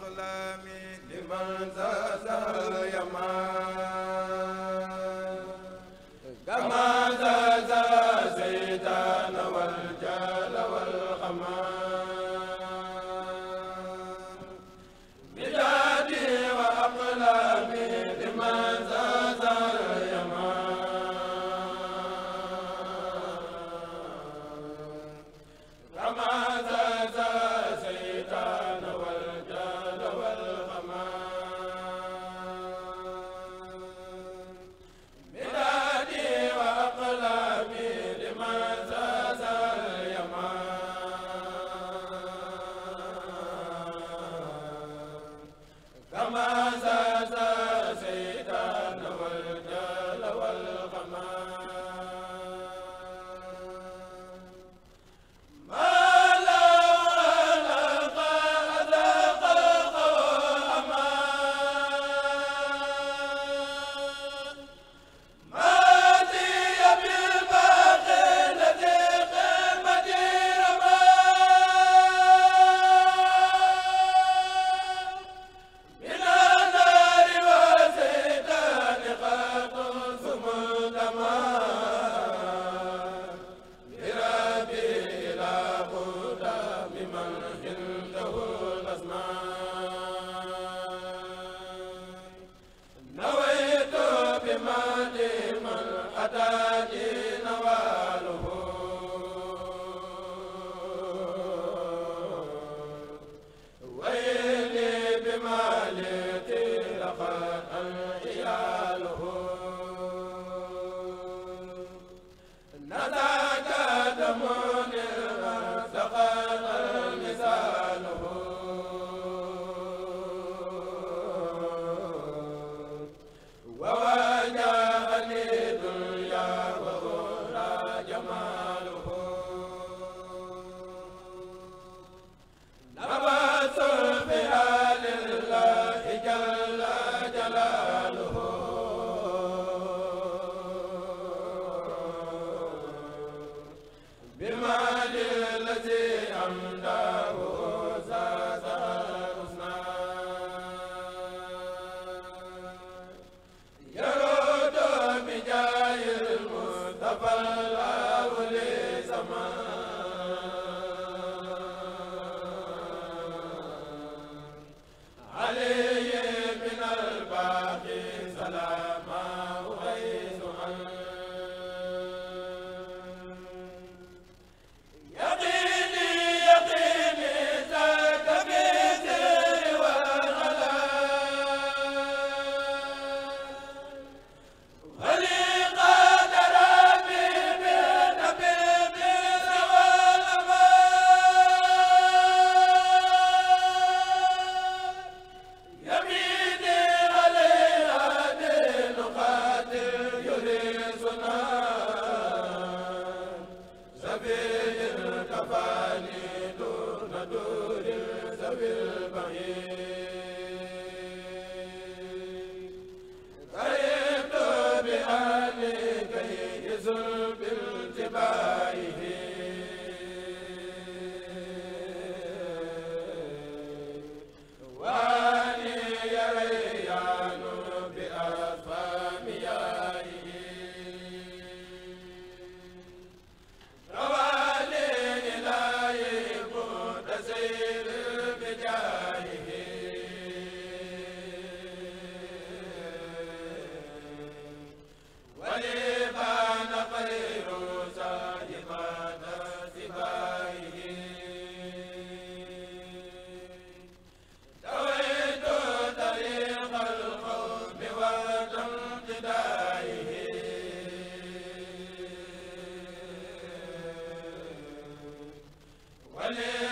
الأقلام لمن زاد يمان man Amen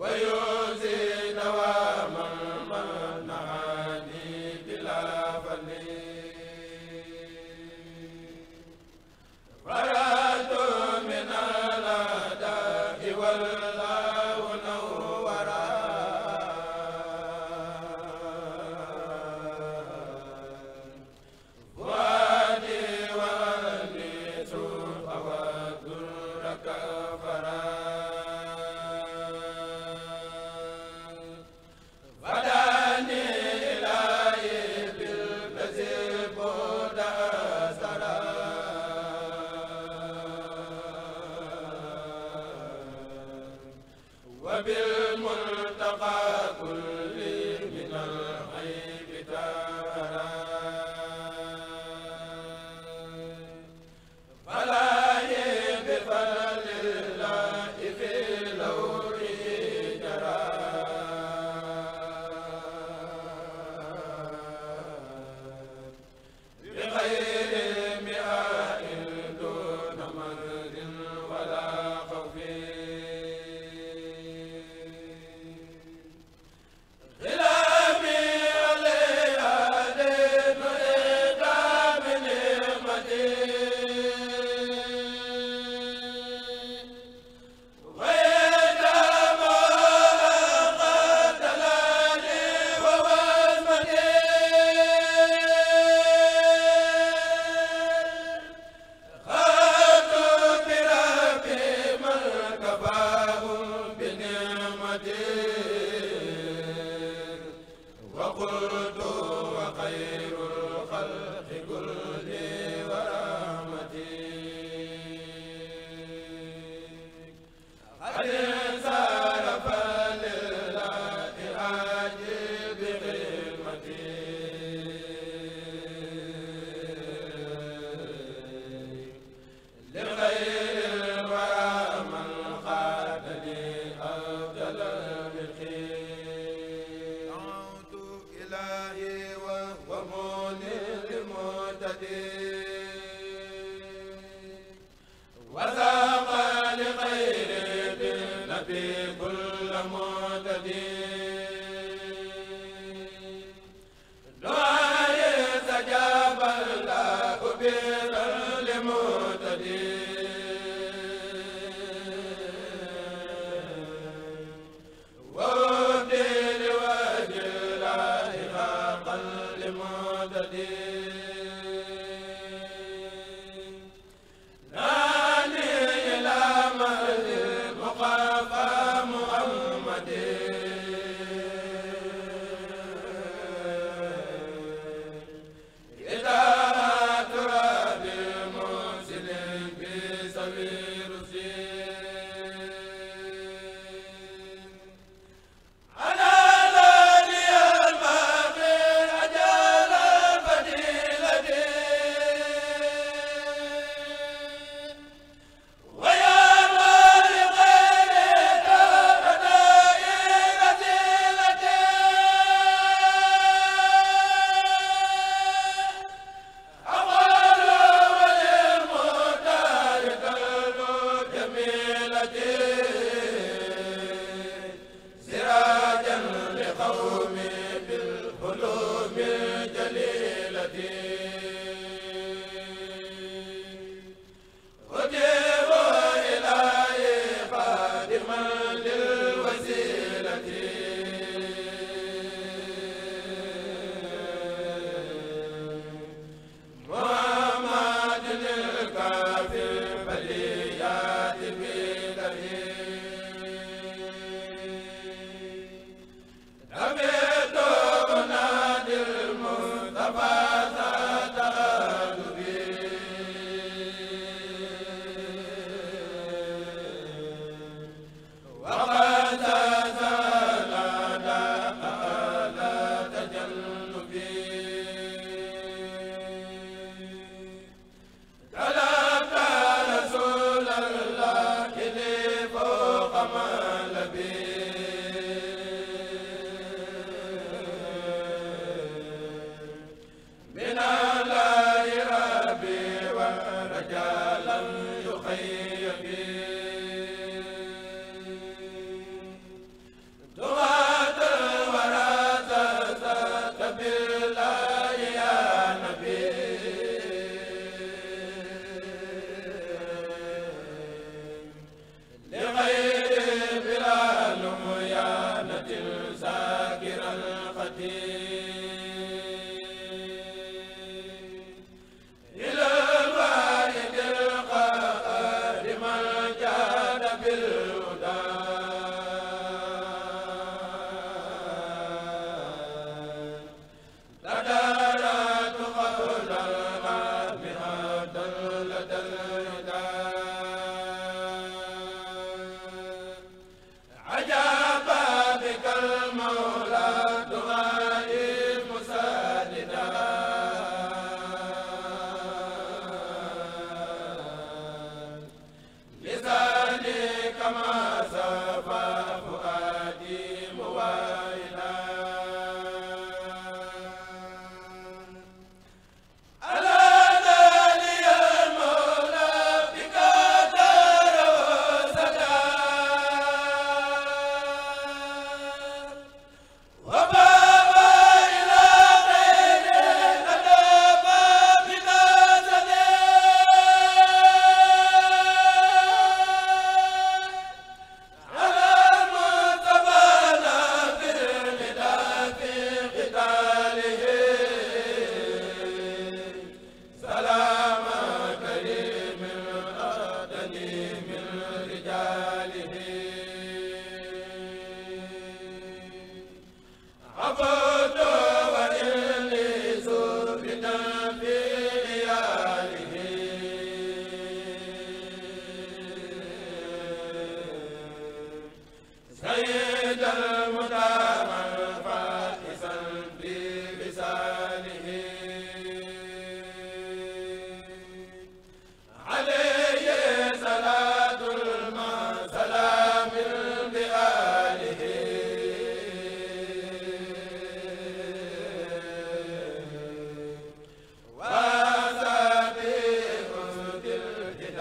wayo وبالملتقى كل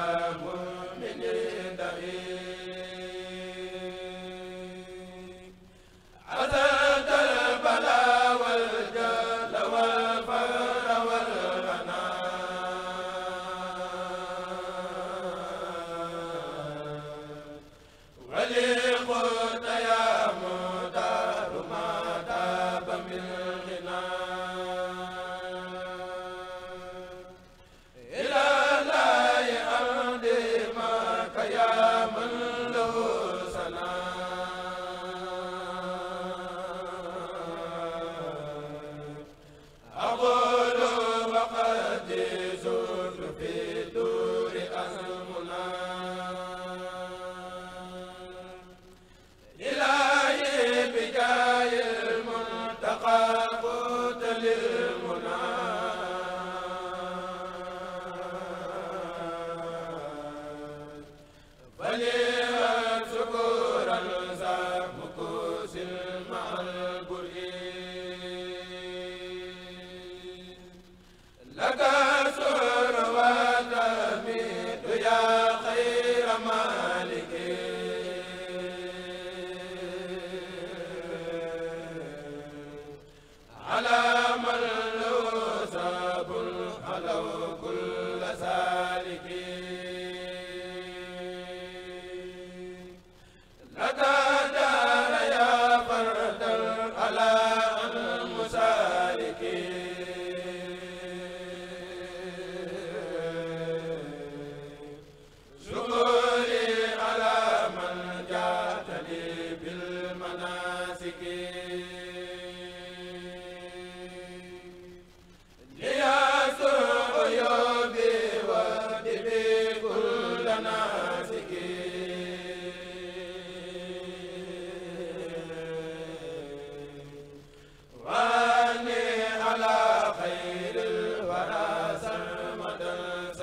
Allahu Maliki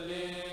salli